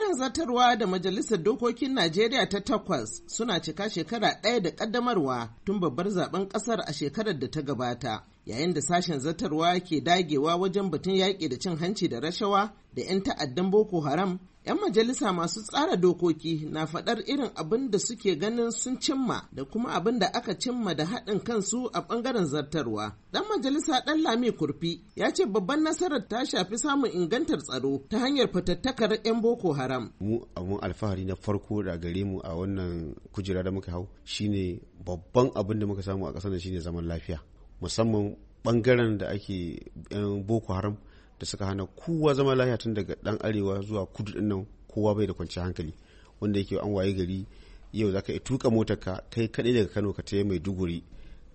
Bangaren zartarwa da Majalisar Dokokin Najeriya ta takwas suna cika shekara ɗaya da ƙaddamarwa tun babbar zaben ƙasar a shekarar da ta gabata. yayin da sashen zartarwa ke dagewa wajen batun yaƙi da cin hanci da rashawa da 'yan ta'addan boko haram 'yan majalisa masu tsara dokoki na faɗar irin abin da suke ganin sun cimma da kuma abin da aka cimma da haɗin kansu a ɓangaren zartarwa ɗan majalisa ɗan lami kurfi ya ce babban nasarar ta shafi samun ingantar tsaro ta hanyar fatattakar 'yan boko haram mu abin alfahari na farko da gare mu a wannan kujera da muka hau shine babban abin da muka samu a ƙasar shine zaman lafiya musamman bangaren da ake yan boko haram da suka hana kowa zama lafiya tun daga dan arewa zuwa kudu din kowa bai da kwanciyar hankali wanda yake an waye gari yau zaka iya tuka motar ka kai kadai daga Kano ka mai duguri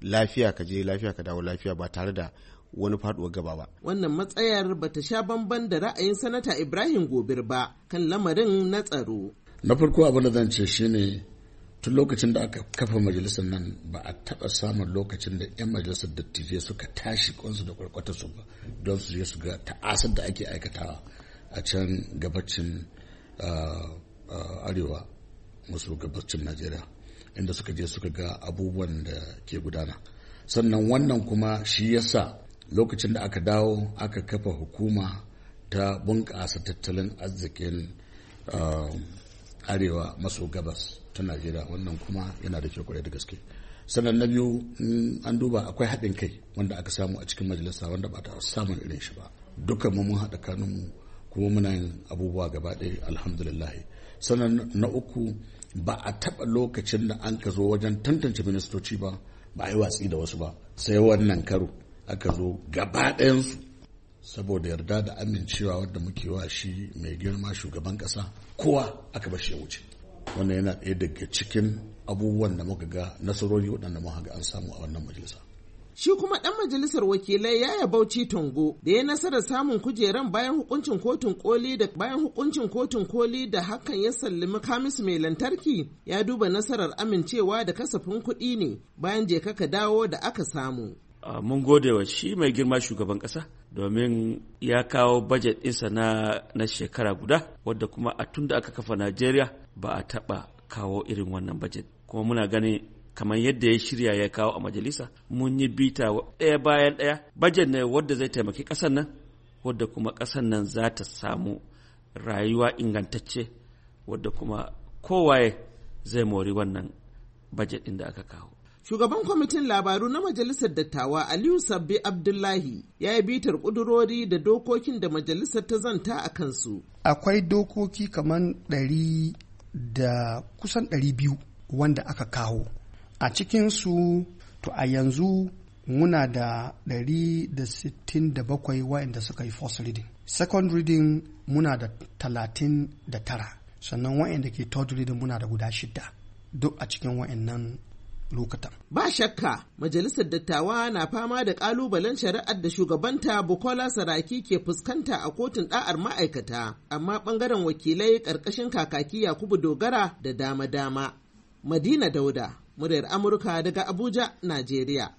lafiya ka je lafiya ka dawo lafiya ba tare da wani faduwar gaba ba. Wannan matsayar bata sha bamban da ra'ayin sanata Ibrahim Gobir ba kan lamarin na tsaro. Na farko abin da zan ce shine tun lokacin da aka kafa majalisar nan ba a taɓa samun lokacin da 'yan majalisar dattijai suka tashi kwansu da kwarkwatarsu ba don su je su ga ta'asar da ake aikatawa a can gabacin arewa musu gabacin najeriya inda suka je suka ga abubuwan da ke gudana sannan wannan kuma shi yasa lokacin da aka dawo aka kafa hukuma ta bunƙasa tattalin arzikin um, arewa maso gabas ta najeriya wannan kuma yana da kyau kwarai da gaske sannan na biyu an duba akwai haɗin kai wanda aka samu a cikin majalisa wanda ba ta samun irin shi ba dukkan mu mun haɗa mu kuma muna yin abubuwa gaba ɗaya alhamdulillah sannan na uku ba a taɓa lokacin da an ka zo wajen tantance ministoci ba ba a yi watsi da wasu ba sai wannan karo aka zo gaba ɗayan su. saboda yarda da amincewa wadda muke wa shi mai girma shugaban kasa kowa aka bashi ya wuce wannan yana ɗaya daga cikin abubuwan da muka ga nasarori waɗanda muka ga an samu a wannan majalisa Shi kuma ɗan majalisar wakilai ya Yaya Bauchi Tongo da ya nasarar samun kujeran bayan hukuncin kotun koli da bayan hukuncin kotun koli da hakan ya sallimi Kamis mai lantarki ya duba nasarar amincewa da kasafin kuɗi ne bayan je kaka dawo da aka samu. Ah, mun gode wa shi mai girma shugaban ƙasa domin ya kawo bajet ɗinsa na, na shekara guda wadda kuma a tun da aka kafa najeriya ba a taɓa kawo irin wannan bajet kuma muna ganin kamar yadda ya shirya ya kawo a majalisa mun yi bita ɗaya bayan ɗaya bajet ne wadda zai taimaki ƙasar nan wadda kuma ƙasar nan za ta samu rayuwa ingantacce wadda kuma kowaye zai mori wannan bajet ɗin da aka kawo Shugaban kwamitin labaru na Majalisar Dattawa Aliyu Sabbi Abdullahi ya yi bitar ƙudurori da dokokin da majalisar ta zanta a kansu. Akwai dokoki kamar ɗari da kusan ɗari biyu wanda aka kawo. A cikinsu to a yanzu muna da ɗari da sittin da bakwai wa'inda suka yi first reading. Second reading muna da talatin da tara. Sannan wa'inda ke third reading muna da guda shidda duk a cikin nan. lokutan. Ba shakka majalisar dattawa na fama da ƙalubalen shari'ar da shugabanta Bukola Saraki ke fuskanta a kotun Ɗa'ar ma'aikata, amma ɓangaren wakilai ƙarƙashin kakaki Yakubu Dogara da dama-dama. Madina Dauda, muryar Amurka daga Abuja, Najeriya.